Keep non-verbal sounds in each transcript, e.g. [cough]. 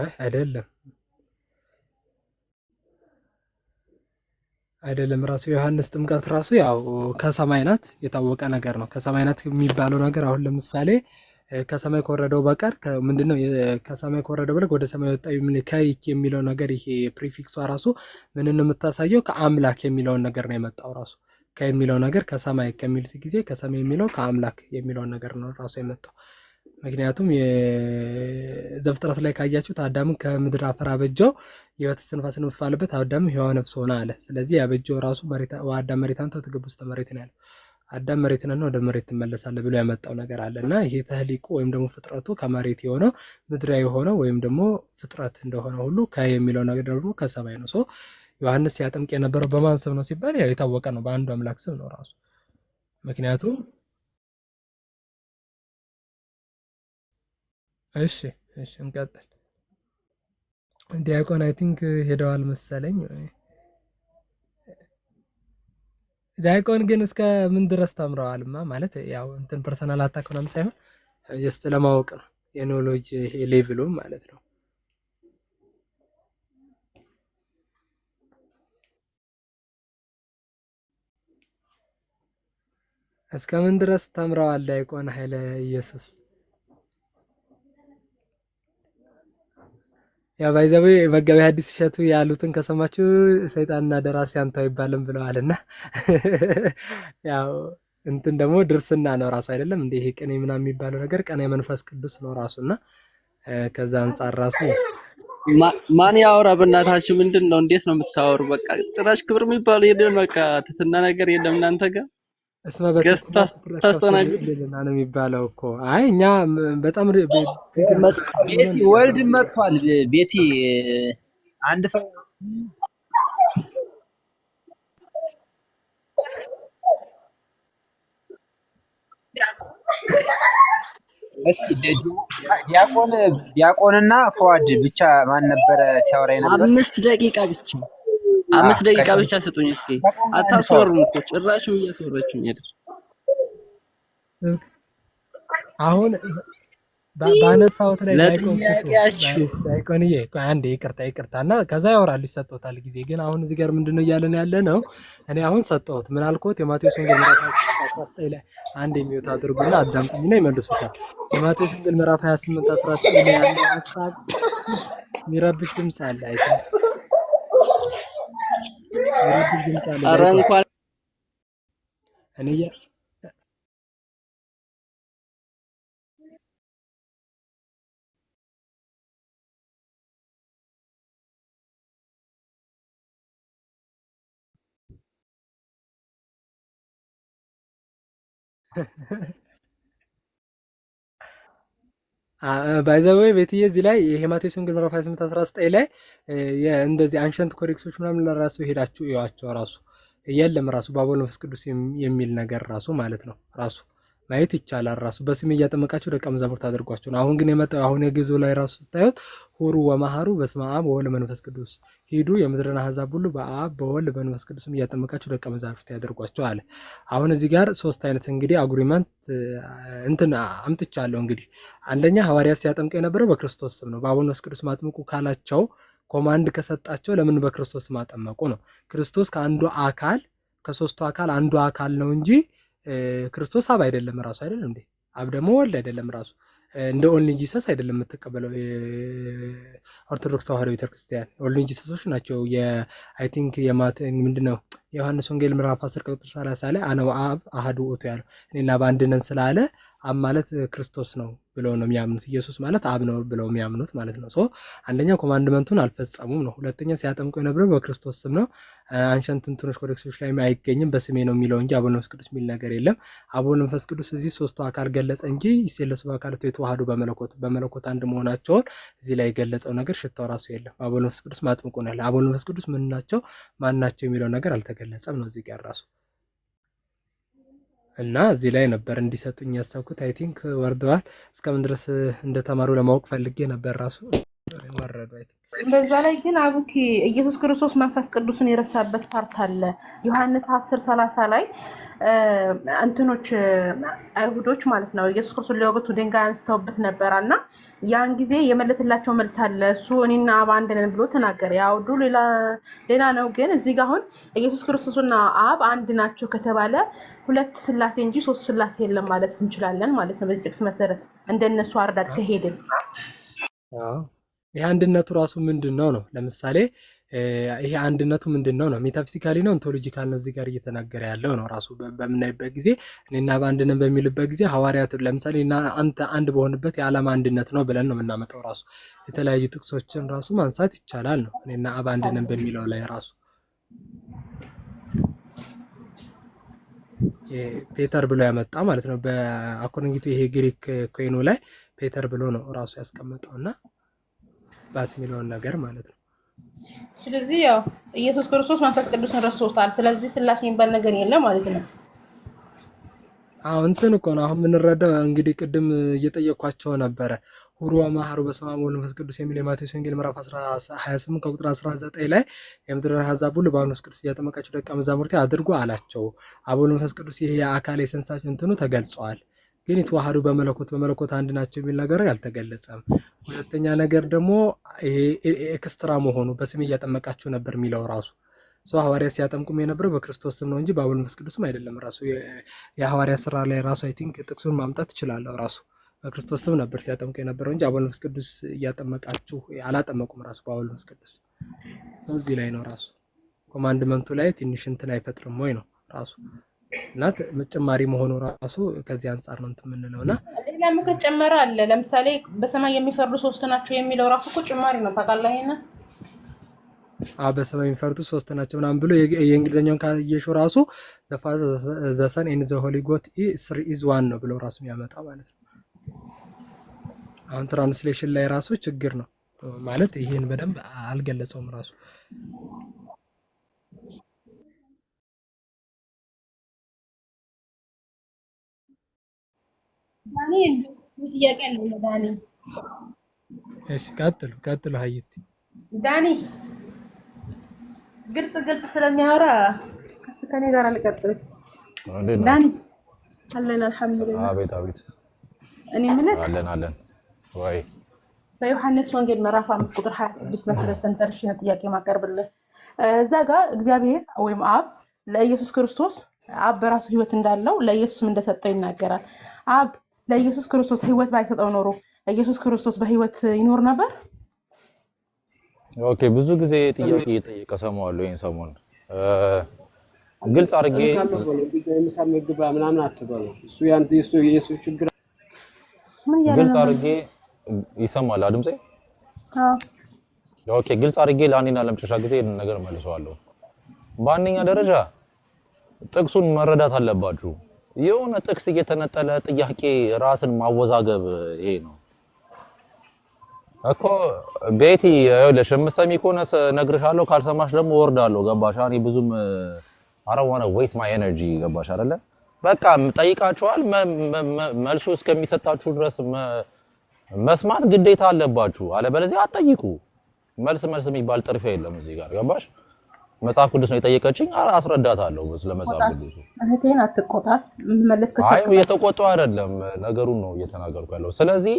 አይ አይደለም አይደለም ራሱ ዮሐንስ ጥምቀት ራሱ ያው ከሰማይ ናት፣ የታወቀ ነገር ነው። ከሰማይ ናት የሚባለው ነገር አሁን ለምሳሌ ከሰማይ ከወረደው በቀር ምንድነው ከሰማይ ከወረደው በለ ወደ ሰማይ ወጣ ከይክ የሚለው ነገር ይሄ ፕሪፊክሷ ራሱ ምንን የምታሳየው ከአምላክ የሚለውን ነገር ነው የመጣው ራሱ ከሚለው ነገር ከሰማይ ከሚል ጊዜ ከሰማይ የሚለው ከአምላክ የሚለውን ነገር ነው ራሱ የመጣው። ምክንያቱም ዘፍጥረት ላይ ካያችሁት አዳምን ከምድር አፈር አበጀው የሕይወት እስትንፋስ ንፋልበት አዳም ሕያው ነፍስ ሆነ አለ። ስለዚህ ያበጀው ራሱ አዳም መሬት አንተ ትግብ ውስጥ መሬት ነው ያለው። አዳም መሬት ነና ወደ መሬት ትመለሳለህ ብሎ ያመጣው ነገር አለ እና ይሄ ተህሊቁ ወይም ደግሞ ፍጥረቱ ከመሬት የሆነው ምድራዊ የሆነው ወይም ደግሞ ፍጥረት እንደሆነ ሁሉ ከየሚለው ነገር ደግሞ ከሰማይ ነው። ዮሐንስ ሲያጠምቅ የነበረው በማን ስም ነው ሲባል ያው የታወቀ ነው፣ በአንዱ አምላክ ስም ነው ራሱ ምክንያቱም እሺ እሺ እንቀጥል። ዲያቆን አይ ቲንክ ሄደዋል መሰለኝ። ዲያቆን ግን እስከ ምን ድረስ ተምረዋልማ? ማለት ያው እንትን ፐርሰናል አታክ ምናምን ሳይሆን ጀስት ለማወቅ ነው የኖሎጂ ሌቭሉ ማለት ነው። እስከ ምን ድረስ ተምረዋል ዲያቆን ኃይለ ኢየሱስ? ያው ባይዘዌ መገበያ ሐዲስ እሸቱ ያሉትን ከሰማችሁ ሰይጣንና ደራሲ አንተ አይባልም ብለዋልና፣ [laughs] ያው እንትን ደግሞ ድርስና ነው ራሱ አይደለም እንደ ይሄ ቅኔ ምናምን የሚባለው ነገር ቀኔ መንፈስ ቅዱስ ነው ራሱና ከዛ አንጻር ራሱ ማን ያወራ በእናታችሁ ምንድን ነው? እንዴት ነው የምታወሩ? በቃ ጭራሽ ክብር የሚባለው የለም። በቃ ትትና ነገር የለም እናንተ ጋር ነው የሚባለው እኮ አይ እኛ በጣም ወልድ መጥቷል። ቤቲ አንድ ሰው ዲያቆን ዲያቆንና ፈዋድ ብቻ ማን ነበረ ሲያወራ ነበር? አምስት ደቂቃ ብቻ አምስት ደቂቃ ብቻ ስጡኝ እስኪ። አታስወሩም እኮ ጭራሽ እያስወራችሁኝ ሄደ። አሁን ባነሳሁት ላይ ዳይቆንዬ አንድ ይቅርታ ይቅርታ እና ከዛ ያወራል ይሰጠውታል ጊዜ ግን አሁን እዚህ ጋር ምንድነው ነው እያለን ያለ ነው። እኔ አሁን ሰጠሁት ምን አልኩት? የማቴዎስ ወንጌል ምዕራፍ 19 ላይ አንድ የሚወት አድርጉና ነው ይመልሱታል። የማቴዎስ ወንጌል ምዕራፍ 28 19 ላይ ያለ ሀሳብ የሚረብሽ ድምፅ አለ አይተን ረብሽ ድምፅ አለ። ኧረ እንኳን እኔ እያ ባይዘዌ ቤትዬ እዚህ ላይ የሄማቴዎስ ወንጌል ምዕራፍ 28 19 ላይ እንደዚህ አንሸንት ኮዴክሶች ምናምን ለራሱ ሄዳችሁ እዩዋቸው። ራሱ የለም ራሱ በአብ ወልድ መንፈስ ቅዱስ የሚል ነገር ራሱ ማለት ነው ራሱ ማየት ይቻላል። ራሱ በስም እያጠመቃቸው ደቀ መዛሙርት አድርጓቸው ነው። አሁን ግን የመጣው አሁን የግዕዙ ላይ ራሱ ስታዩት ሁሩ ወማሃሩ በስመ አብ ወወልድ መንፈስ ቅዱስ ሂዱ የምድርን አሕዛብ ሁሉ በአብ በወልድ በመንፈስ ቅዱስም እያጠመቃቸው ደቀ መዛሙርት ያደርጓቸው አለ። አሁን እዚህ ጋር ሶስት አይነት እንግዲህ አጉሪመንት እንትን አምጥቻለሁ። እንግዲህ አንደኛ ሐዋርያ ሲያጠምቀው የነበረው በክርስቶስ ስም ነው። በአብ መንፈስ ቅዱስ ማጥምቁ ካላቸው ኮማንድ ከሰጣቸው ለምን በክርስቶስ ማጠመቁ ነው። ክርስቶስ ከአንዱ አካል ከሶስቱ አካል አንዱ አካል ነው እንጂ ክርስቶስ አብ አይደለም ራሱ አይደለም እንዴ? አብ ደግሞ ወልድ አይደለም ራሱ እንደ ኦንሊ ጂሰስ አይደለም የምትቀበለው ኦርቶዶክስ ተዋህዶ ቤተክርስቲያን። ኦንሊ ጂሰሶች ናቸው። አይ ቲንክ ምንድነው የዮሐንስ ወንጌል ምዕራፍ 10 ቁጥር 30 ላይ አነ አብ አህዱ ውእቱ ያለው እኔና በአንድነን ስላለ አብ ማለት ክርስቶስ ነው ብለው ነው የሚያምኑት። ኢየሱስ ማለት አብ ነው ብለው የሚያምኑት ማለት ነው። ሶ አንደኛ ኮማንድመንቱን አልፈጸሙም ነው። ሁለተኛ ሲያጠምቁ የነበረው በክርስቶስ ስም ነው። አንሸንት እንትኖች ኮዴክሶች ላይ አይገኝም። በስሜ ነው የሚለው እንጂ አቡነ መንፈስ ቅዱስ የሚል ነገር የለም። አቡነ መንፈስ ቅዱስ እዚህ ሶስቱ አካል ገለጸ እንጂ ይሴለሱ በአካል የተዋህዱ በመለኮት በመለኮት አንድ መሆናቸውን እዚህ ላይ የገለጸው ነገር ሽታው ራሱ የለም። አቡነ መንፈስ ቅዱስ ማጥምቁ ነው ያለ። አቡነ መንፈስ ቅዱስ ምን ናቸው ማን ናቸው የሚለው ነገር አልተገለጸም ነው እዚህ ጋር ራሱ እና እዚህ ላይ ነበር እንዲሰጡኝ ያሰብኩት። አይ ቲንክ ወርደዋል። እስከምን ድረስ እንደተማሩ ለማወቅ ፈልጌ ነበር። ራሱ ወረዱ። በዛ ላይ ግን አቡኪ ኢየሱስ ክርስቶስ መንፈስ ቅዱስን የረሳበት ፓርት አለ ዮሐንስ አስር ሰላሳ ላይ እንትኖች አይሁዶች ማለት ነው ኢየሱስ ክርስቶስ ሊወጉት ድንጋይ አንስተውበት ነበረ እና ያን ጊዜ የመለስላቸው መልስ አለ። እሱ እኔና አብ አንድ ነን ብሎ ተናገረ። የአውዱ ሌላ ነው። ግን እዚህ ጋር አሁን ኢየሱስ ክርስቶስና አብ አንድ ናቸው ከተባለ ሁለት ስላሴ እንጂ ሶስት ስላሴ የለም ማለት እንችላለን ማለት ነው። በዚህ ጥቅስ መሰረት እንደነሱ አርዳድ ከሄድን የአንድነቱ ራሱ ምንድን ነው ነው ለምሳሌ ይሄ አንድነቱ ምንድን ነው ነው ሜታፊዚካሊ ነው ኦንቶሎጂካል ነው እዚህ ጋር እየተናገረ ያለው ነው ራሱ በምናይበት ጊዜ እኔና በአንድነን በሚልበት ጊዜ ሐዋርያት ለምሳሌ እና አንተ አንድ በሆንበት የዓለም አንድነት ነው ብለን ነው የምናመጣው ራሱ የተለያዩ ጥቅሶችን ራሱ ማንሳት ይቻላል ነው እኔና አብ አንድነን በሚለው ላይ ራሱ ፔተር ብሎ ያመጣ ማለት ነው በአኮርንጊቱ ይሄ ግሪክ ኮይኑ ላይ ፔተር ብሎ ነው ራሱ ያስቀመጠውና ባት የሚለውን ነገር ማለት ነው ስለዚህ ያው ኢየሱስ ክርስቶስ መንፈስ ቅዱስን ረስቶታል። ስለዚህ ስላሴ የሚባል ነገር የለም ማለት ነው። አዎ እንትን እኮ ነው አሁን የምንረዳው። እንግዲህ ቅድም እየጠየኳቸው ነበረ። ሁሩ ወመሐሩ በስመ አብ ወመንፈስ ቅዱስ የሚል የማቴዎስ ወንጌል ምዕራፍ 28 ከቁጥር 19 ላይ የምድር አሕዛብ ሁሉ በመንፈስ ቅዱስ እያጠመቃቸው ደቀ መዛሙርቴ አድርጎ አላቸው። አብ ወመንፈስ ቅዱስ ይሄ የአካል የሰንሳችን እንትኑ ተገልጿል። ግን የተዋሃዱ በመለኮት በመለኮት አንድ ናቸው የሚል ነገር አልተገለጸም። ሁለተኛ ነገር ደግሞ ኤክስትራ መሆኑ በስም እያጠመቃቸው ነበር የሚለው ራሱ ሰው ሐዋርያ ሲያጠምቁም የነበረው በክርስቶስ ስም ነው እንጂ በአቡል መንፈስ ቅዱስም አይደለም። ራሱ የሐዋርያ ስራ ላይ ራሱ አይ ቲንክ ጥቅሱን ማምጣት ይችላለሁ። ራሱ በክርስቶስ ስም ነበር ሲያጠምቁ የነበረው እንጂ አቡል መንፈስ ቅዱስ እያጠመቃችሁ አላጠመቁም። ራሱ በአቡል መንፈስ ቅዱስ እዚህ ላይ ነው ራሱ ኮማንድመንቱ ላይ ትንሽ እንትን አይፈጥርም ወይ ነው ራሱ እና ጭማሪ መሆኑ ራሱ ከዚህ አንጻር ነው እንትን የምንለው እና ሌላም እኮ ጨመረ አለ። ለምሳሌ በሰማይ የሚፈርዱ ሶስት ናቸው የሚለው ራሱ እኮ ጭማሪ ነው። ታውቃለህ ይሄንን አ በሰማይ የሚፈርዱ ሶስት ናቸው ምናምን ብሎ የእንግሊዝኛውን ካየሹ ራሱ ዘፋ ዘሰን ኤን ዘ ሆሊ ጎት ስሪ ኢዝ ዋን ነው ብለው ራሱ የሚያመጣ ማለት ነው። አሁን ትራንስሌሽን ላይ ራሱ ችግር ነው ማለት ይህን በደንብ አልገለጸውም ራሱ እሺ ቀጥሉ ቀጥሉ። ሀይት ዳኒ ግልጽ ግልጽ ስለሚያወራ ከኔ ጋር አልቀጥልም። ዳኒ አለን አልሐምዱሊላህ። አቤት አቤት። እኔ የምልህ አለን አለን ወይ በዮሐንስ ወንጌል ምዕራፍ አምስት ቁጥር ሀያ ስድስት መሰረት ጥያቄ ማቀርብልህ። እዛ ጋር እግዚአብሔር ወይም አብ ለኢየሱስ ክርስቶስ አብ በራሱ ህይወት እንዳለው ለኢየሱስም እንደሰጠው ይናገራል። አብ ለኢየሱስ ክርስቶስ ህይወት ባይሰጠው ኖሮ ኢየሱስ ክርስቶስ በህይወት ይኖር ነበር? ኦኬ፣ ብዙ ጊዜ ጥያቄ እየጠየቀ ሰማዋለሁ። ይህን ሰሞን ግልጽ አድርጌ ምሳ ግልጽ አድርጌ ይሰማል ድምፄ። ኦኬ፣ ግልጽ አድርጌ ለአንዴና ለመጨረሻ ጊዜ ይህንን ነገር መልሰዋለሁ። በአንደኛ ደረጃ ጥቅሱን መረዳት አለባችሁ። የሆነ ጥቅስ እየተነጠለ ጥያቄ ራስን ማወዛገብ ይሄ ነው እኮ ቤቲ። ይኸውልሽ የምትሰሚ ከሆነ እነግርሻለሁ፣ ካልሰማሽ ደግሞ እወርዳለሁ። ገባሽ? እኔ ብዙም አረዋነ ዌስት ማይ ኤነርጂ ገባሽ አይደለ? በቃ ጠይቃችኋል። መልሱ እስከሚሰጣችሁ ድረስ መስማት ግዴታ አለባችሁ። አለበለዚያ አትጠይቁ። መልስ መልስ የሚባል ጥርፊያ የለም እዚህ ጋር ገባሽ? መጽሐፍ ቅዱስ ነው የጠየቀችኝ። አስረዳታለሁ ስለ መጽሐፍ ቅዱስ። እህቴን አትቆጣት። አይ የተቆጣው አይደለም ነገሩን ነው እየተናገርኩ ያለው። ስለዚህ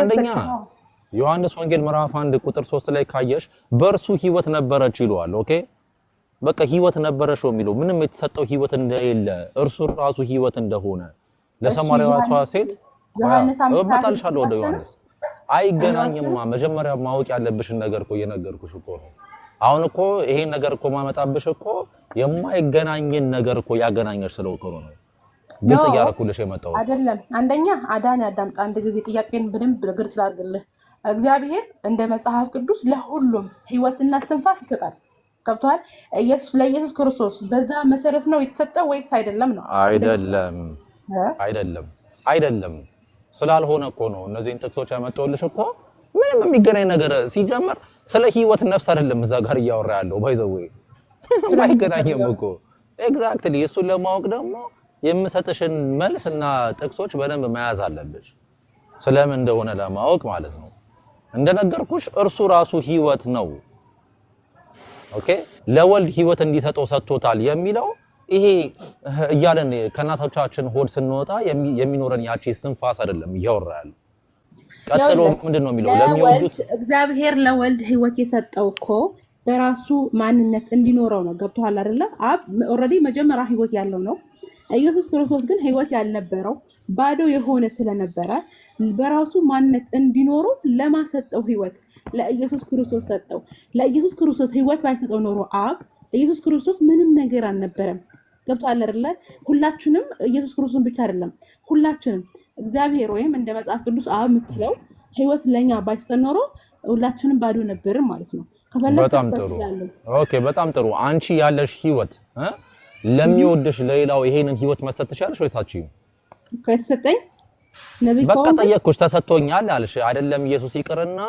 አንደኛ ዮሐንስ ወንጌል ምዕራፍ አንድ ቁጥር ሶስት ላይ ካየሽ በእርሱ ህይወት ነበረች ይለዋል። ኦኬ በቃ ህይወት ነበረች ነው የሚለው። ምንም የተሰጠው ህይወት እንደሌለ እርሱ ራሱ ህይወት እንደሆነ ለሰማርያዊቷ ሴት እመጣልሻለሁ ወደ ዮሐንስ አይገናኝማ። መጀመሪያ ማወቅ ያለብሽን ነገር እኮ እየነገርኩሽ እኮ ነው አሁን እኮ ይሄን ነገር እኮ ማመጣብሽ እኮ የማይገናኝን ነገር እኮ ያገናኘሽ ስለ እኮ ነው ግልጽ እያደረኩልሽ የመጣሁት አይደለም። አንደኛ አዳን ያዳምጣ አንድ ጊዜ ጥያቄን በደንብ ግልጽ ላድርግልህ። እግዚአብሔር እንደ መጽሐፍ ቅዱስ ለሁሉም ህይወትና እስትንፋስ ይሰጣል። ገብቶሃል? ኢየሱስ ለኢየሱስ ክርስቶስ በዛ መሰረት ነው የተሰጠው ወይስ አይደለም? ነው አይደለም፣ አይደለም፣ አይደለም ስላልሆነ እኮ ነው እነዚህን ጥቅሶች ያመጣሁልሽ እኮ ምንም የሚገናኝ ነገር ሲጀመር ስለ ህይወት ነፍስ አይደለም እዛ ጋር እያወራ ያለው ባይዘው [laughs] አይገናኝም እኮ ኤግዛክትሊ። እሱን ለማወቅ ደግሞ የምሰጥሽን መልስ እና ጥቅሶች በደንብ መያዝ አለብሽ፣ ስለምን እንደሆነ ለማወቅ ማለት ነው። እንደነገርኩሽ እርሱ ራሱ ህይወት ነው። ኦኬ ለወልድ ህይወት እንዲሰጠው ሰጥቶታል የሚለው ይሄ እያለን ከእናቶቻችን ሆድ ስንወጣ የሚኖረን ያቺ እስትንፋስ አይደለም እያወራ ያለው ቀጥሎ ምንድን ነው የሚለው? ለሚወዱት እግዚአብሔር ለወልድ ህይወት የሰጠው እኮ በራሱ ማንነት እንዲኖረው ነው። ገብቶሃል አይደለ? አብ ኦልሬዲ መጀመሪያ ህይወት ያለው ነው። ኢየሱስ ክርስቶስ ግን ህይወት ያልነበረው ባዶ የሆነ ስለነበረ በራሱ ማንነት እንዲኖረው ለማሰጠው ህይወት ለኢየሱስ ክርስቶስ ሰጠው። ለኢየሱስ ክርስቶስ ህይወት ባይሰጠው ኖሮ አብ ኢየሱስ ክርስቶስ ምንም ነገር አልነበረም። ገብቶሃል አይደለ? ሁላችንም ኢየሱስ ክርስቶስን ብቻ አይደለም ሁላችንም እግዚአብሔር ወይም እንደ መጽሐፍ ቅዱስ አብ የምትለው ህይወት ለእኛ ባይሰጠን ኖሮ ሁላችንም ባዶ ነበር ማለት ነው። በጣም ጥሩ። አንቺ ያለሽ ህይወት ለሚወደሽ ለሌላው ይሄንን ህይወት መስጠት ትችላለሽ ወይስ አትችይም? ከተሰጠኝ በቃ ጠየቅኩሽ። ተሰጥቶኛል አልሽ አይደለም? ኢየሱስ ይቅርና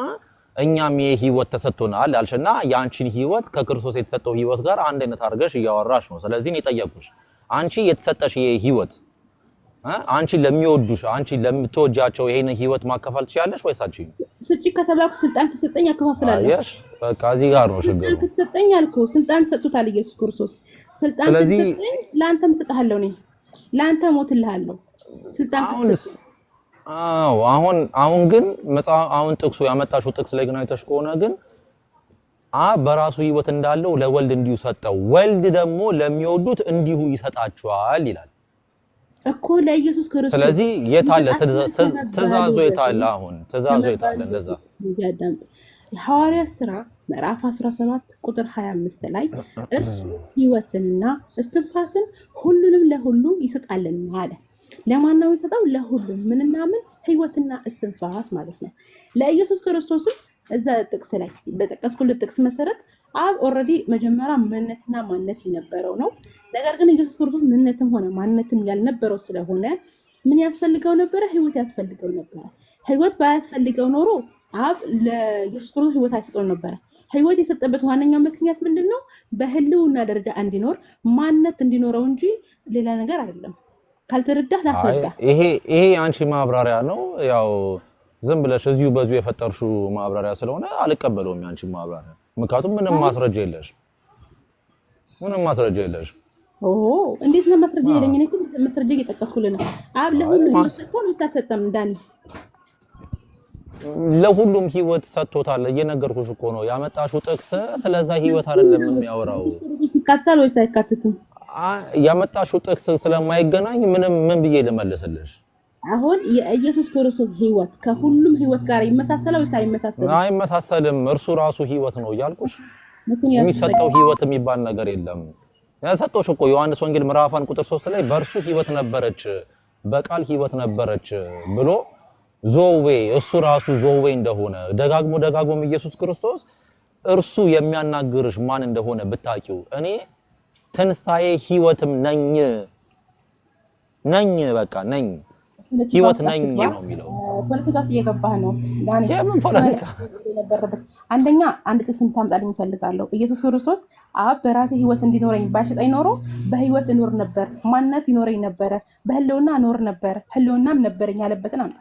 እኛም ይሄ ህይወት ተሰጥቶናል አልሽ እና የአንቺን ህይወት ከክርስቶስ የተሰጠው ህይወት ጋር አንድ አይነት አድርገሽ እያወራሽ ነው። ስለዚህ እኔ ጠየቅኩሽ አንቺ የተሰጠሽ ይሄ ህይወት አንቺ ለሚወዱሽ አንቺ ለምትወጃቸው ይሄን ህይወት ማከፋል ትችያለሽ ወይስ አንቺ ስጪ ከተባልኩ ስልጣን ከሰጠኝ አከፋፍላለሁ። አየሽ፣ በቃ እዚህ ጋር ነው ችግሩ። ስልጣን ከሰጠኝ አልኩህ፣ ስልጣን ሰጡታል ኢየሱስ ክርስቶስ። ስልጣን ከሰጠኝ ለአንተም እሰጥሃለሁ፣ እኔ ለአንተ እሞትልሃለሁ። ስልጣን ከሰጠኝ አዎ። አሁን አሁን ግን መጽሐፍ አሁን ጥቅሱ ያመጣሽው ጥቅስ ላይ ግን አይተሽ ከሆነ ግን አ በራሱ ህይወት እንዳለው ለወልድ እንዲሁ ሰጠው፣ ወልድ ደግሞ ለሚወዱት እንዲሁ ይሰጣቸዋል ይላል። እኮ ለኢየሱስ ክርስቶስ። ስለዚህ የት አለ ትእዛዙ? የት አለ አሁን ትእዛዙ የት አለ? እንደዛ ያዳምጥ። ስራ ምዕራፍ 17 ቁጥር 25 ላይ እርሱ ሕይወትና እስትንፋስን ሁሉንም ለሁሉ ይሰጣልና አለ። ለማናው ይሰጣው ለሁሉም ምንና ምን? እስትንፋስ ማለት ነው። ለኢየሱስ ክርስቶስም እዛ ጥቅስ ላይ በጠቀስኩት ጥቅስ መሰረት አብ ኦልሬዲ መጀመሪያ ምንነትና ማንነት የነበረው ነው ነገር ግን ኢየሱስ ክርስቶስ ምንነትም ሆነ ማንነትም ያልነበረው ስለሆነ ምን ያስፈልገው ነበረ? ህይወት ያስፈልገው ነበረ። ህይወት ባያስፈልገው ኖሮ አብ ለኢየሱስ ክርስቶስ ህይወት አይሰጠው ነበረ። ህይወት የሰጠበት ዋነኛው ምክንያት ምንድን ነው? በህልውና ደረጃ እንዲኖር ማንነት እንዲኖረው እንጂ ሌላ ነገር አይደለም። ካልተረዳህ ላስረዳ። ይሄ አንቺ ማብራሪያ ነው ያው ዝም ብለሽ እዚሁ በዚሁ የፈጠርሽው ማብራሪያ ስለሆነ አልቀበለውም የአንቺ ማብራሪያ። ምክንያቱም ምንም ማስረጃ የለሽ፣ ምንም ማስረጃ የለሽ እንዴት ነው መስረጃ ያለኝ? እኔ ግን መስረድ እየጠቀስኩልህ ነው። አብ ለሁሉም አልሰጠም እንዳለ ለሁሉም ህይወት ሰጥቶታል። እየነገርኩሽ እኮ ነው። ያመጣሽው ጥቅስ ስለዛ ህይወት አይደለም የሚያወራው። ይካተታል ወይስ አይካተትም? ያመጣሽው ጥቅስ ስለማይገናኝ ምንም ምን ብዬ ልመልስልሽ? አሁን የኢየሱስ ክርስቶስ ህይወት ከሁሉም ህይወት ጋር ይመሳሰላል ወይስ አይመሳሰልም? አይመሳሰልም። እርሱ ራሱ ህይወት ነው እያልኩሽ። የሚሰጠው ህይወት የሚባል ነገር የለም። ሰጦሽ እኮ ዮሐንስ ወንጌል ምዕራፍ ቁጥር 3 ላይ በእርሱ ህይወት ነበረች በቃል ህይወት ነበረች ብሎ ዞዌ እሱ ራሱ ዞዌ እንደሆነ ደጋግሞ ደጋግሞም ኢየሱስ ክርስቶስ እርሱ የሚያናግርሽ ማን እንደሆነ ብታቂው እኔ ትንሣኤ ህይወትም ነኝ ነኝ በቃ ነኝ ህይወት ነኝ ነው የሚለው። ፖለቲካ ውስጥ እየገባህ ነው። አንደኛ አንድ ጥቅስ እንታምጣልኝ እፈልጋለሁ። ኢየሱስ ክርስቶስ አብ በራሴ ህይወት እንዲኖረኝ ባይሰጠኝ ኖሮ በህይወት እኖር ነበር፣ ማንነት ይኖረኝ ነበረ፣ በህልውና እኖር ነበር ህልውናም ነበረኝ ያለበትን አምጣ።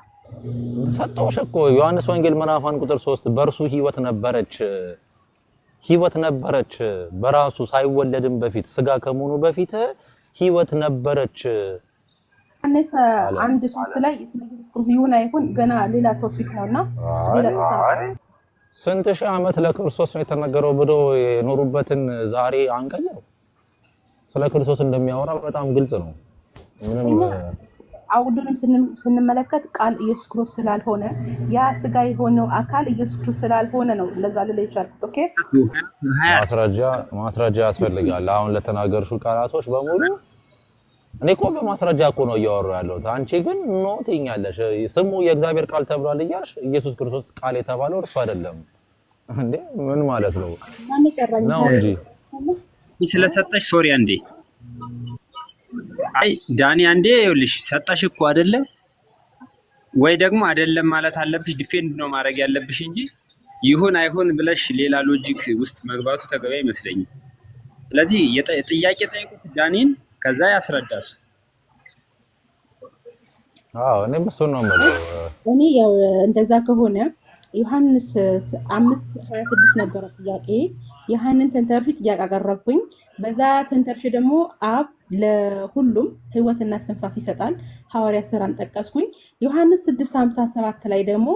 ሰጠሁሽ እኮ ዮሐንስ ወንጌል ምዕራፍ አንድ ቁጥር ሶስት በእርሱ ህይወት ነበረች ህይወት ነበረች በራሱ ሳይወለድም በፊት ስጋ ከመሆኑ በፊት ህይወት ነበረች አነሰ አንድ ሶስት ላይ ይሁን አይሁን ገና ሌላ ቶፒክ ነውና ሌላ ስንት ሺህ ዓመት ለክርስቶስ ነው የተነገረው ብሎ የኖሩበትን ዛሬ አንቀኛው ስለ ክርስቶስ እንደሚያወራ በጣም ግልጽ ነው። አውዱንም ስንመለከት ቃል ኢየሱስ ክርስቶስ ስላልሆነ ያ ስጋ የሆነው አካል ኢየሱስ ክርስቶስ ስላልሆነ ነው። ለዛ ልላ ይቻልኩት ማስረጃ ያስፈልጋል። አሁን ለተናገርሹ ቃላቶች በሙሉ እኔ እኮ በማስረጃ እኮ ነው እያወሩ ያለሁት። አንቺ ግን ኖ ትይኛለሽ። ስሙ የእግዚአብሔር ቃል ተብሏል እያልሽ ኢየሱስ ክርስቶስ ቃል የተባለው እርሱ አይደለም እንዴ? ምን ማለት ነው? ነው እንጂ ስለሰጠሽ ሶሪ አንዴ። አይ ዳኒ አንዴ ይኸውልሽ፣ ሰጠሽ እኮ አይደለም ወይ ደግሞ አይደለም ማለት አለብሽ። ዲፌንድ ነው ማድረግ ያለብሽ እንጂ ይሁን አይሁን ብለሽ ሌላ ሎጂክ ውስጥ መግባቱ ተገቢ አይመስለኝም። ስለዚህ ጥያቄ ጠይቁት ዳኒን ከዛ ያስረዳሱ። አዎ እኔም ነው የምለው። እኔ ያው እንደዛ ከሆነ ዮሐንስ አምስት ሀያ ስድስት ነበረ ጥያቄ። ያህንን ተንተርሽ ጥያቄ አቀረብኩኝ። በዛ ተንተርሽ ደግሞ አብ ለሁሉም ህይወትና እስትንፋስ ይሰጣል። ሐዋርያ ስራን ጠቀስኩኝ። ዮሐንስ ስድስት ሀምሳ ሰባት ላይ ደግሞ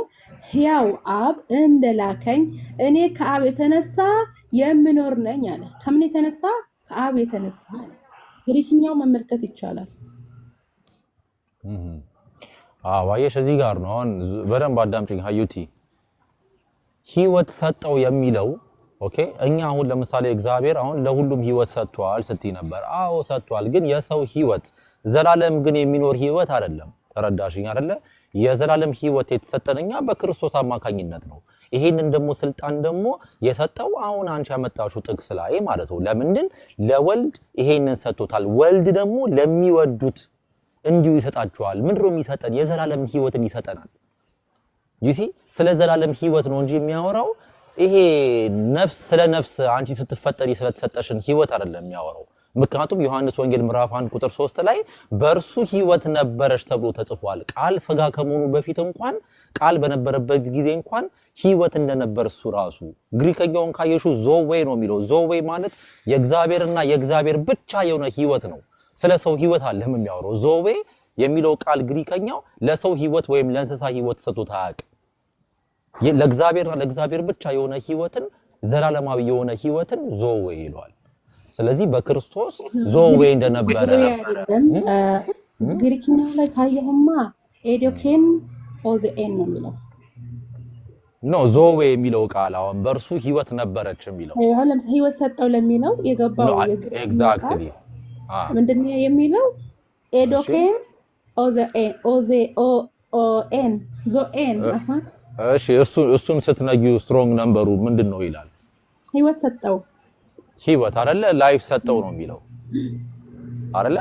ያው አብ እንደላከኝ እኔ ከአብ የተነሳ የምኖር ነኝ አለ። ከምን የተነሳ? ከአብ የተነሳ አለ። ግሪክኛው መመልከት ይቻላል። አየሽ እዚህ ጋር ነው አሁን በደንብ አዳምጪኝ ሀዩቲ። ህይወት ሰጠው የሚለው ኦኬ፣ እኛ አሁን ለምሳሌ እግዚአብሔር አሁን ለሁሉም ህይወት ሰጥቷል ስትይ ነበር። አዎ ሰጥቷል፣ ግን የሰው ህይወት ዘላለም ግን የሚኖር ህይወት አይደለም። ተረዳሽኝ አይደለ? የዘላለም ህይወት የተሰጠን እኛ በክርስቶስ አማካኝነት ነው። ይሄንን ደግሞ ስልጣን ደግሞ የሰጠው አሁን አንቺ ያመጣሽው ጥቅስ ላይ ማለት ነው። ለምንድን ለወልድ ይሄንን ሰጥቶታል። ወልድ ደግሞ ለሚወዱት እንዲሁ ይሰጣቸዋል። ምንድነው የሚሰጠን? የዘላለም ህይወትን ይሰጠናል። ዩሲ ስለ ዘላለም ህይወት ነው እንጂ የሚያወራው ይሄ ነፍስ ስለ ነፍስ አንቺ ስትፈጠሪ ስለተሰጠሽን ህይወት አይደለም የሚያወራው። ምክንያቱም ዮሐንስ ወንጌል ምዕራፍ 1 ቁጥር 3 ላይ በእርሱ ህይወት ነበረች ተብሎ ተጽፏል። ቃል ስጋ ከመሆኑ በፊት እንኳን ቃል በነበረበት ጊዜ እንኳን ህይወት እንደነበር እሱ ራሱ ግሪከኛውን ካየሹ ዞዌይ ነው የሚለው። ዞዌይ ማለት የእግዚአብሔርና የእግዚአብሔር ብቻ የሆነ ህይወት ነው። ስለ ሰው ህይወት አለም የሚያወራው ዞዌ የሚለው ቃል ግሪከኛው ለሰው ህይወት ወይም ለእንስሳ ህይወት ሰጥቶት አያውቅም። ለእግዚአብሔርና ለእግዚአብሔር ብቻ የሆነ ህይወትን ዘላለማዊ የሆነ ህይወትን ዞዌ ይሏል። ስለዚህ በክርስቶስ ዞዌ እንደነበረ ግሪክኛው ላይ ካየህማ ኤዶኬን ኦዘኤን ነው የሚለው ኖ ዞዌ የሚለው ቃል አሁን በእርሱ ህይወት ነበረች የሚለው ህይወት ሰጠው ለሚለው የገባው ምንድን ነው የሚለው ኤዶኬ ኦዜኦኤን ዞኤን እሺ እሱም ስትነጊ ስትሮንግ ነምበሩ ምንድን ነው ይላል ህይወት ሰጠው ህይወት አለ ላይፍ ሰጠው ነው የሚለው አለ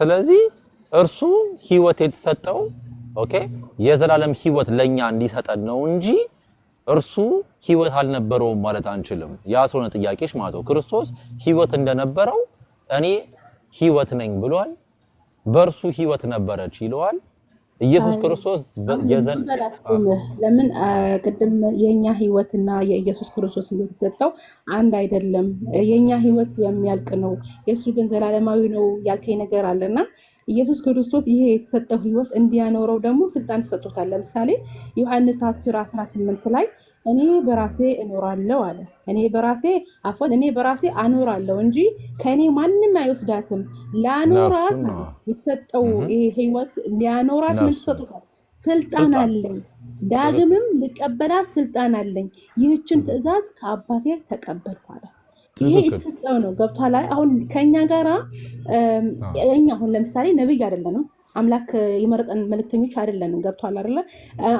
ስለዚህ እርሱ ህይወት የተሰጠው ኦኬ የዘላለም ህይወት ለኛ እንዲሰጠን ነው እንጂ እርሱ ህይወት አልነበረውም ማለት አንችልም። ያ ስለሆነ ጥያቄሽ ማለት ነው። ክርስቶስ ህይወት እንደነበረው እኔ ህይወት ነኝ ብሏል። በእርሱ ህይወት ነበረች ይለዋል። ኢየሱስ ክርስቶስ ለምን ቅድም የእኛ ህይወትና የኢየሱስ ክርስቶስ ህይወት የተሰጠው አንድ አይደለም። የእኛ ህይወት የሚያልቅ ነው፣ የእሱ ግን ዘላለማዊ ነው ያልከኝ ነገር አለና ኢየሱስ ክርስቶስ ይሄ የተሰጠው ህይወት እንዲያኖረው ደግሞ ስልጣን ተሰጥቶታል። ለምሳሌ ዮሐንስ 10 18 ላይ እኔ በራሴ እኖራለሁ አለ። እኔ በራሴ አፎን እኔ በራሴ አኖራለሁ እንጂ ከእኔ ማንም አይወስዳትም። ላኖራት የተሰጠው ይሄ ህይወት ሊያኖራት ምን ተሰጥቶታል? ስልጣን አለኝ። ዳግምም ልቀበላት ስልጣን አለኝ። ይህችን ትእዛዝ ከአባቴ ተቀበልኩ አለ። ይሄ የተሰጠው ነው። ገብቷል። አሁን ከእኛ ጋራ እኛ አሁን ለምሳሌ ነቢይ አይደለንም። አምላክ የመረጠን መልክተኞች አይደለንም። ገብቷል አይደለ?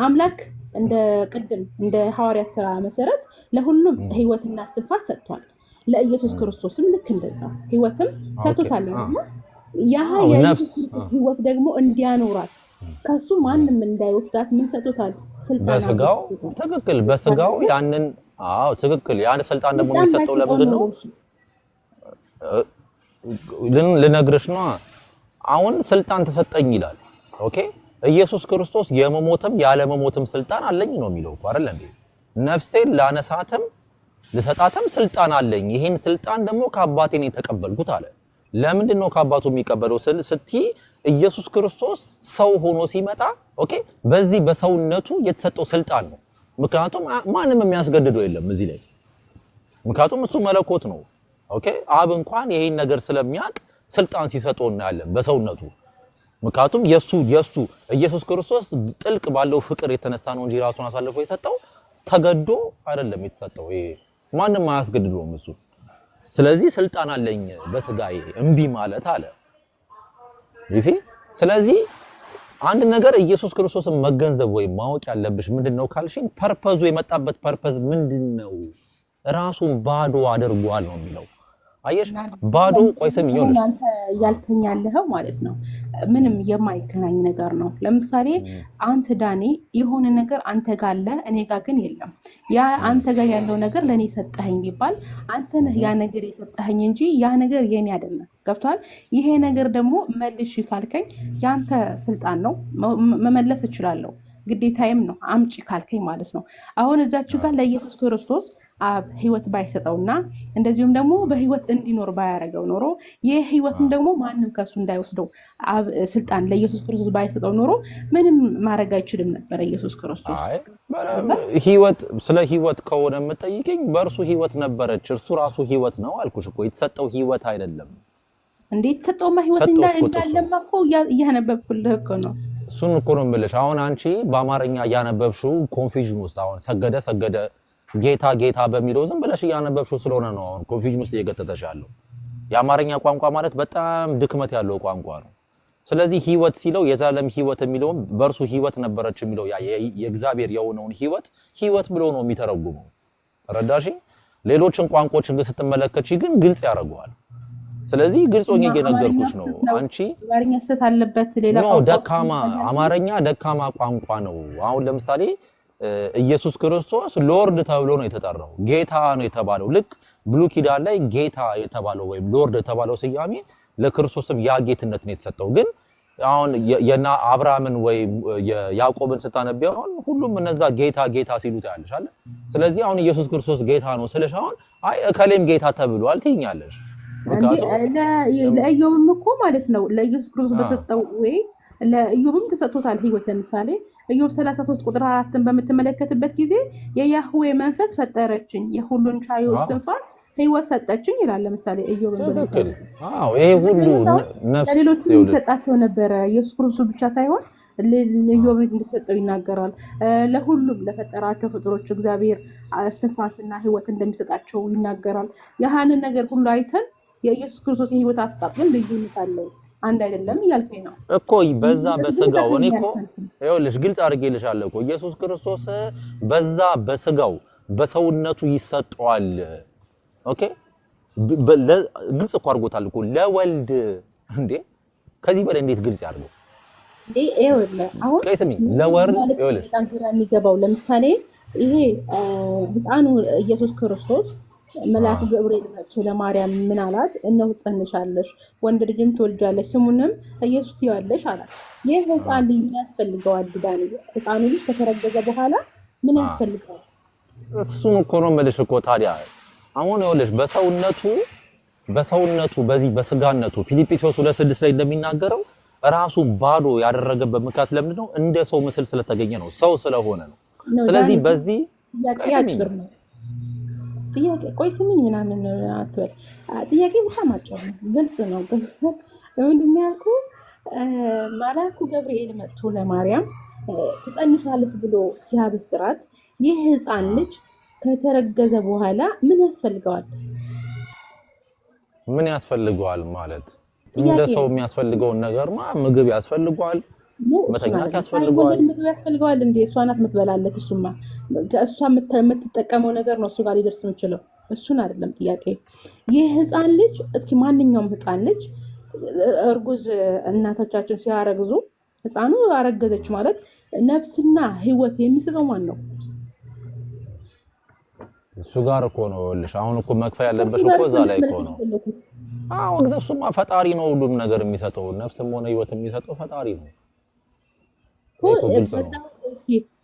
አምላክ እንደ ቅድም እንደ ሐዋርያ ስራ መሰረት ለሁሉም ህይወትና እስትንፋስ ሰጥቷል። ለኢየሱስ ክርስቶስም ልክ እንደዛ ህይወትም ሰጥቶታል። ያ የኢየሱስ ክርስቶስ ህይወት ደግሞ እንዲያኖራት ከሱ ማንም እንዳይወስዳት ምን ሰጥቶታል? ስልጣን። በስጋው ትክክል፣ በስጋው ያንን አዎ ትክክል። የአንድ ስልጣን ደግሞ የሚሰጠው ለምንድን ነው? ልነግርሽ ነው። አሁን ስልጣን ተሰጠኝ ይላል። ኦኬ ኢየሱስ ክርስቶስ የመሞትም ያለመሞትም ስልጣን አለኝ ነው የሚለው እኮ አይደል እንዴ? ነፍሴን ላነሳትም ልሰጣትም ስልጣን አለኝ። ይሄን ስልጣን ደግሞ ከአባቴ ነው የተቀበልኩት አለ። ለምንድን ነው ከአባቱ የሚቀበለው ስል ስትይ ኢየሱስ ክርስቶስ ሰው ሆኖ ሲመጣ ኦኬ፣ በዚህ በሰውነቱ የተሰጠው ስልጣን ነው ምክንያቱም ማንም የሚያስገድደው የለም እዚህ ላይ ምክንያቱም እሱ መለኮት ነው። ኦኬ አብ እንኳን ይሄን ነገር ስለሚያውቅ ስልጣን ሲሰጠው እናያለን በሰውነቱ ምክንያቱም የሱ የሱ ኢየሱስ ክርስቶስ ጥልቅ ባለው ፍቅር የተነሳ ነው እንጂ ራሱን አሳልፎ የሰጠው ተገዶ አይደለም የተሰጠው። ይሄ ማንም አያስገድደውም እሱ። ስለዚህ ስልጣን አለኝ በስጋዬ እምቢ ማለት አለ። ስለዚህ አንድ ነገር ኢየሱስ ክርስቶስን መገንዘብ ወይም ማወቅ ያለብሽ ምንድን ነው ካልሽኝ፣ ፐርፐዙ የመጣበት ፐርፐዝ ምንድን ነው? ራሱን ባዶ አድርጓል ነው የሚለው አየሽ ባዶ ቆይ ስም እያልከኝ ያለኸው ማለት ነው ምንም የማይገናኝ ነገር ነው። ለምሳሌ አንተ ዳኔ የሆነ ነገር አንተ ጋር አለ፣ እኔ ጋር ግን የለም። ያ አንተ ጋር ያለው ነገር ለእኔ ሰጠኸኝ ቢባል አንተ ነህ ያ ነገር የሰጠኸኝ እንጂ ያ ነገር የኔ አይደለም። ገብቷል። ይሄ ነገር ደግሞ መልሽ ካልከኝ የአንተ ስልጣን ነው፣ መመለስ እችላለሁ። ግዴታዬም ነው። አምጪ ካልከኝ ማለት ነው። አሁን እዛችሁ ጋር ለኢየሱስ ክርስቶስ አብ ህይወት ባይሰጠውና እንደዚሁም ደግሞ በህይወት እንዲኖር ባያደረገው ኖሮ ይህ ህይወትም ደግሞ ማንም ከሱ እንዳይወስደው አብ ስልጣን ለኢየሱስ ክርስቶስ ባይሰጠው ኖሮ ምንም ማድረግ አይችልም ነበረ ኢየሱስ ክርስቶስ። ስለ ህይወት ከሆነ የምጠይቀኝ በእርሱ ህይወት ነበረች። እርሱ ራሱ ህይወት ነው አልኩሽ እኮ የተሰጠው ህይወት አይደለም እንዴት የተሰጠውማ ህይወት እንዳለማ እኮ እያነበብኩልህ እኮ ነው። እሱን እኮ ነው የምልሽ። አሁን አንቺ በአማርኛ እያነበብሽው ኮንፊዥን ውስጥ አሁን ሰገደ ሰገደ ጌታ ጌታ በሚለው ዝም ብለሽ እያነበብሽው ስለሆነ ነው አሁን ኮንፊዥን ውስጥ እየገጠጠሽ ያለው። የአማርኛ ቋንቋ ማለት በጣም ድክመት ያለው ቋንቋ ነው። ስለዚህ ህይወት ሲለው የዘላለም ህይወት የሚለውም በእርሱ ህይወት ነበረች የሚለው የእግዚአብሔር የሆነውን ህይወት ህይወት ብሎ ነው የሚተረጉመው። ረዳሽ ሌሎችን ቋንቋዎችን ግን ስትመለከች ግን ግልጽ ያደርገዋል። ስለዚህ ግልጽ ሆኜ እየነገርኩሽ ነው። አንቺ ደካማ አማርኛ ደካማ ቋንቋ ነው። አሁን ለምሳሌ ኢየሱስ ክርስቶስ ሎርድ ተብሎ ነው የተጠራው፣ ጌታ ነው የተባለው። ልክ ብሉ ኪዳን ላይ ጌታ የተባለው ወይም ሎርድ የተባለው ስያሜ ለክርስቶስም ያ ጌትነት ነው የተሰጠው። ግን አሁን የና አብርሃምን ወይም ያዕቆብን ስታነቢ አሁን ሁሉም እነዛ ጌታ ጌታ ሲሉ ታያለሽ አለ። ስለዚህ አሁን ኢየሱስ ክርስቶስ ጌታ ነው ስለሽ አሁን አይ እከሌም ጌታ ተብሏል ትይኛለሽ። ለኢዮብም እኮ ማለት ነው ለኢየሱስ ክርስቶስ በሰጠው ወይ ለኢዮብም ተሰጥቶታል ህይወት ለምሳሌ ኢዮብ 33 ቁጥር አራትን በምትመለከትበት ጊዜ የያህዌ መንፈስ ፈጠረችኝ፣ የሁሉን ቻዩ ትንፋስ ህይወት ሰጠችኝ ይላል። ለምሳሌ ኢዮብ ይሄ ሁሉ ለሌሎቹ የሚሰጣቸው ነበረ ኢየሱስ ክርስቶስ ብቻ ሳይሆን እዮብ እንዲሰጠው ይናገራል። ለሁሉም ለፈጠራቸው ፍጥሮች እግዚአብሔር እስትንፋስና ህይወት እንደሚሰጣቸው ይናገራል። ያህንን ነገር ሁሉ አይተን የኢየሱስ ክርስቶስ የህይወት አስጣጥን ልዩነት አለው። አንድ አይደለም እያልከኝ ነው እኮ በዛ በስጋው እኔ እኮ ይኸውልሽ ግልጽ አድርጌልሻለሁ እኮ ኢየሱስ ክርስቶስ በዛ በስጋው በሰውነቱ ይሰጠዋል ኦኬ ግልጽ እኮ አድርጎታል እኮ ለወልድ እንዴ ከዚህ በላይ እንዴት ግልጽ ያድርገው እንዴ ይኸውልህ አሁን ቀይስሚ ለወልድ ይኸውልሽ የሚገባው ለምሳሌ ይሄ ህፃኑ ኢየሱስ ክርስቶስ መልአኩ ገብርኤል መጥቶ ለማርያም ምን አላት? እነሆ ጸንሻለሽ፣ ወንድ ልጅም ትወልጃለሽ፣ ስሙንም ኢየሱስ ትይዋለሽ አላት። ይህ ህፃን ልጅ ምን ያስፈልገዋል? ዳን ህፃኑ ልጅ ከተረገዘ በኋላ ምን ያስፈልገዋል? እሱም እኮ ነው የምልሽ እኮ ታዲያ አሁን ይኸውልሽ በሰውነቱ በሰውነቱ በዚህ በስጋነቱ ፊልጵስዩስ ሁለት ስድስት ላይ እንደሚናገረው ራሱ ባዶ ያደረገበት ምክንያት ለምንድን ነው? እንደ ሰው ምስል ስለተገኘ ነው፣ ሰው ስለሆነ ነው። ስለዚህ በዚህ ነው። ጥያቄ ቆይ ስምኝ ምናምን አትበል። ጥያቄ በጣም አጭር ነው፣ ግልጽ ነው። ምንድን ነው ያልኩ? መልአኩ ገብርኤል መጥቶ ለማርያም ትጸንሻለሽ ብሎ ሲያበስራት ይህ ህፃን ልጅ ከተረገዘ በኋላ ምን ያስፈልገዋል? ምን ያስፈልገዋል ማለት እንደ ሰው የሚያስፈልገውን ነገር ምግብ ያስፈልገዋል መተኛት ያስፈልገዋል ያስፈልገዋል። እንደ እሷ ናት የምትበላለት። እሱማ እሷ የምትጠቀመው ነገር ነው እሱ ጋር ሊደርስ የምችለው እሱን አይደለም ጥያቄ። ይህ ህፃን ልጅ እስኪ ማንኛውም ህፃን ልጅ እርጉዝ እናቶቻችን ሲያረግዙ ህፃኑ አረገዘች ማለት ነፍስና ህይወት የሚሰጠው ማን ነው? እሱ ጋር እኮ ነው ልሽ። አሁን እኮ መክፈል ያለበሽ እኮ እዛ ላይ እኮ ነው። አዎ እሱማ ፈጣሪ ነው ሁሉም ነገር የሚሰጠው ነፍስም ሆነ ህይወት የሚሰጠው ፈጣሪ ነው።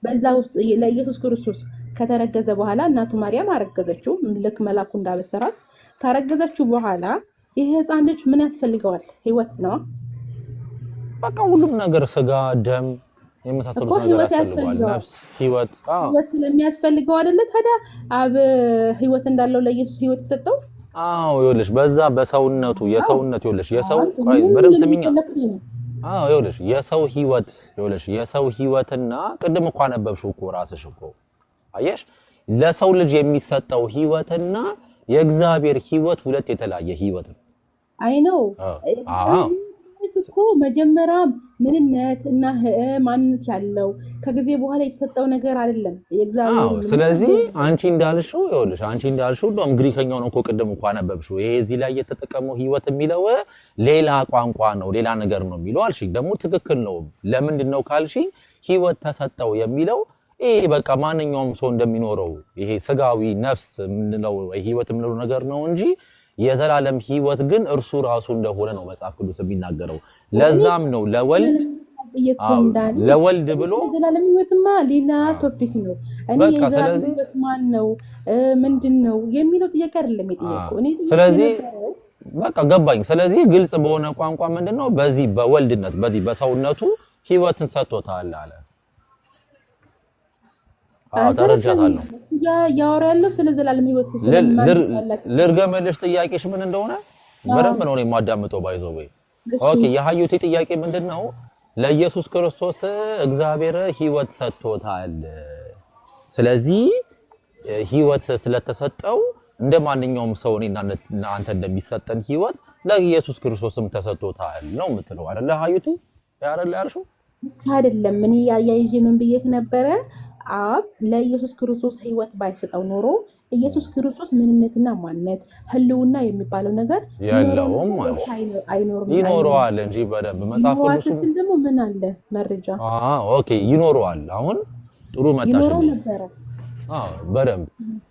በዛ ውስጥ ለኢየሱስ ክርስቶስ ከተረገዘ በኋላ እናቱ ማርያም አረገዘችው። ልክ መላኩ እንዳበሰራት ካረገዘችው በኋላ ይህ ህፃን ልጅ ምን ያስፈልገዋል? ህይወት ነው። በቃ ሁሉም ነገር ስጋ፣ ደም የመሳሰሉት ነገር ያስፈልገዋል። ህይወት ስለሚያስፈልገው አደለ? ታዲያ አብ ህይወት እንዳለው ለኢየሱስ ህይወት የሰጠው? አዎ ይኸውልሽ፣ በዛ በሰውነቱ የሰውነት ይኸውልሽ፣ የሰው በደምብ ስሚኛ አዎ ይኸውልሽ የሰው ህይወት ይኸውልሽ የሰው ህይወትና ቅድም እኮ አነበብሽው እኮ ራስሽ እኮ አየሽ ለሰው ልጅ የሚሰጠው ህይወትና የእግዚአብሔር ህይወት ሁለት የተለያየ ህይወት ነው። አይ ነው ማለት እኮ መጀመሪያ ምንነት እና ማንነት ያለው ከጊዜ በኋላ የተሰጠው ነገር አይደለም። ስለዚህ አንቺ እንዳልሽው ይኸውልሽ፣ አንቺ እንዳልሽው እንደውም ነው እኮ ቅድም እኮ አነበብሽው። ይሄ እዚህ ላይ የተጠቀመው ህይወት የሚለው ሌላ ቋንቋ ነው፣ ሌላ ነገር ነው የሚለው አልሽኝ። ደግሞ ትክክል ነው። ለምንድን ነው ካልሽኝ፣ ህይወት ተሰጠው የሚለው ይሄ በቃ ማንኛውም ሰው እንደሚኖረው ይሄ ስጋዊ ነፍስ የምንለው ህይወት የምንለው ነገር ነው እንጂ የዘላለም ህይወት ግን እርሱ ራሱ እንደሆነ ነው መጽሐፍ ቅዱስ የሚናገረው። ለዛም ነው ለወልድ ለወልድ ብሎ ዘላለም ህይወትማ ሌላ ቶፒክ ነው። እኔ የዘላለም ህይወት ማን ነው ምንድን ነው የሚለው ጥያቄ አይደለም የጠየቀው። ስለዚህ በቃ ገባኝ። ስለዚህ ግልጽ በሆነ ቋንቋ ምንድን ነው በዚህ በወልድነት በዚህ በሰውነቱ ህይወትን ሰጥቶታል አለ። ተረጃታለሁ ያወራ ያለው ስለ ዘላለም ህይወት ልርገምልሽ። ጥያቄሽ ምን እንደሆነ በደንብ ነው የማዳምጠው። ባይዘ ወይ ኦኬ። የሀዩቴ ጥያቄ ምንድን ነው? ለኢየሱስ ክርስቶስ እግዚአብሔር ህይወት ሰጥቶታል። ስለዚህ ህይወት ስለተሰጠው እንደ ማንኛውም ሰው እኔና አንተ እንደሚሰጠን ህይወት ለኢየሱስ ክርስቶስም ተሰጥቶታል ነው የምትለው አይደለ? ሀዩቲ ያረላ ያርሹ አይደለም። እኔ ያያይዤ ምን ብዬሽ ነበረ አብ ለኢየሱስ ክርስቶስ ህይወት ባይሰጠው ኖሮ ኢየሱስ ክርስቶስ ምንነትና ማንነት ህልውና የሚባለው ነገር የለውም ይኖረዋል እንጂ በደንብ መጽሐፍ ስትል ደግሞ ምን አለ መረጃ ይኖረዋል። አሁን ጥሩ መጣሽ በደንብ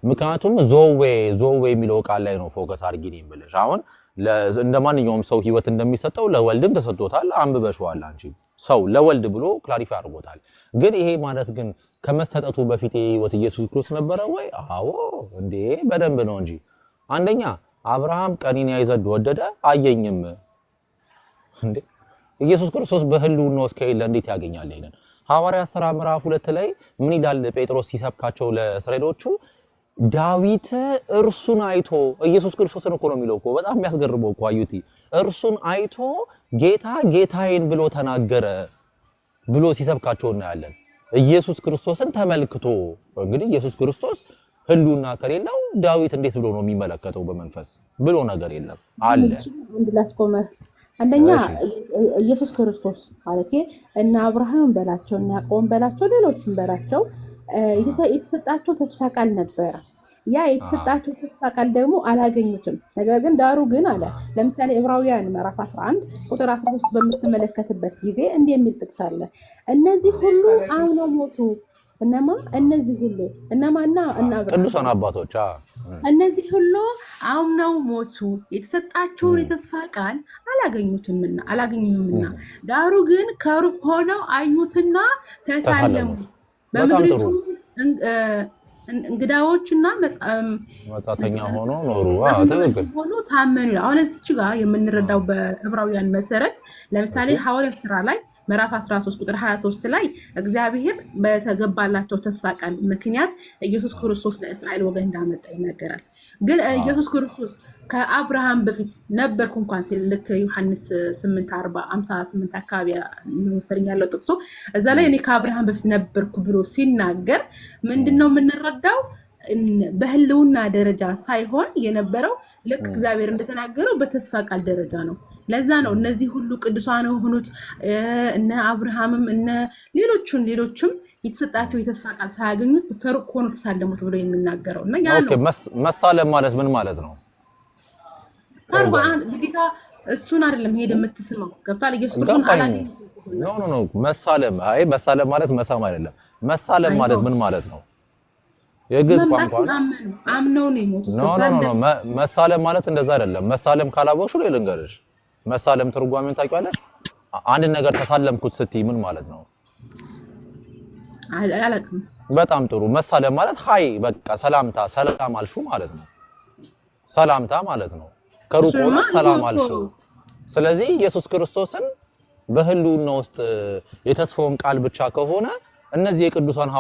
ምክንያቱም ዞዌ ዞዌ የሚለው ቃል ላይ ነው ፎከስ አሁን እንደ ማንኛውም ሰው ህይወት እንደሚሰጠው ለወልድም ተሰጥቶታል። አንብበሽዋል አንቺ ሰው ለወልድ ብሎ ክላሪፋይ አድርጎታል። ግን ይሄ ማለት ግን ከመሰጠቱ በፊት የህይወት ኢየሱስ ክርስቶስ ነበረ ወይ? አዎ እንዴ በደንብ ነው እንጂ። አንደኛ አብርሃም ቀኒን ያይ ዘንድ ወደደ አየኝም። እንዴ ኢየሱስ ክርስቶስ በህልውና እስከሌለ እንዴት ያገኛል? ይሄንን ሐዋርያት ሥራ ምዕራፍ ሁለት ላይ ምን ይላል ጴጥሮስ ሲሰብካቸው ለእስራኤሎቹ ዳዊት እርሱን አይቶ ኢየሱስ ክርስቶስን እኮ ነው የሚለው እኮ በጣም የሚያስገርመው እኮ አዩቲ እርሱን አይቶ ጌታ ጌታዬን ብሎ ተናገረ ብሎ ሲሰብካቸው እናያለን። ኢየሱስ ክርስቶስን ተመልክቶ እንግዲህ ኢየሱስ ክርስቶስ ህሉና ከሌለው ዳዊት እንዴት ብሎ ነው የሚመለከተው? በመንፈስ ብሎ ነገር የለም አለ። አንድ ላስቆመ አንደኛ ኢየሱስ ክርስቶስ ማለት እና አብርሃም በላቸው እና ያዕቆብ በላቸው ሌሎችም በላቸው የተሰጣቸው ተስፋ ቃል ነበረ። ያ የተሰጣቸው ተስፋ ቃል ደግሞ አላገኙትም። ነገር ግን ዳሩ ግን አለ ለምሳሌ ዕብራውያን ምዕራፍ 11 ቁጥር 13 በምትመለከትበት ጊዜ እንዲህ የሚል ጥቅስ አለ። እነዚህ ሁሉ አምነው ሞቱ። እነማ እነዚህ ሁሉ እነማና እና ቅዱሳን አባቶች እነዚህ ሁሉ አምነው ሞቱ፣ የተሰጣቸውን የተስፋ ቃል አላገኙትምና አላገኙምና ዳሩ ግን ከሩቅ ሆነው አዩትና ተሳለሙ በምድሪቱ እንግዳዎች መጻተኛ ሆኖ ኖሩ ሆኖ ታመኑ። አሁን እዚች ጋር የምንረዳው በዕብራውያን መሰረት ለምሳሌ ሐዋርያ ስራ ላይ ምዕራፍ 13 ቁጥር 23 ላይ እግዚአብሔር በተገባላቸው ተስፋ ቃል ምክንያት ኢየሱስ ክርስቶስ ለእስራኤል ወገን እንዳመጣ ይነገራል። ግን ኢየሱስ ክርስቶስ ከአብርሃም በፊት ነበርኩ እንኳን ሲል ልክ ዮሐንስ 8 40 58 አካባቢ መሰለኝ ያለው ጥቅሶ እዛ ላይ እኔ ከአብርሃም በፊት ነበርኩ ብሎ ሲናገር ምንድን ነው የምንረዳው? በህልውና ደረጃ ሳይሆን የነበረው ልክ እግዚአብሔር እንደተናገረው በተስፋ ቃል ደረጃ ነው። ለዛ ነው እነዚህ ሁሉ ቅዱሳን የሆኑት እነ አብርሃምም እነ ሌሎቹን ሌሎችም የተሰጣቸው የተስፋ ቃል ሳያገኙት ከሩቅ ሆኖ ተሳለሙት ብሎ የሚናገረው እና ያ ነው መሳለም ማለት ምን ማለት ነው? ግዴታ እሱን አይደለም ሄደ የምትስመው ገብቷል። ኢየሱስ ክርስቶስን አላገኘ መሳለም። አይ መሳለም ማለት መሳም አይደለም። መሳለም ማለት ምን ማለት ነው? የግዕዝ ቋንቋ አምነው ነው የሞቱት። ኖ መሳለም ማለት እንደዛ አይደለም። መሳለም ካላወቅሽ ነው ልንገርሽ። መሳለም ትርጓሜውን ታውቂዋለሽ? አንድ ነገር ተሳለምኩት ስትይ ምን ማለት ነው? አላውቅም። በጣም ጥሩ። መሳለም ማለት ሀይ፣ በቃ ሰላምታ፣ ሰላም አልሹ ማለት ነው። ሰላምታ ማለት ነው። ከሩቁ ሰላም አልሹ። ስለዚህ ኢየሱስ ክርስቶስን በህልውና ውስጥ የተስፋውን ቃል ብቻ ከሆነ እነዚህ የቅዱሳን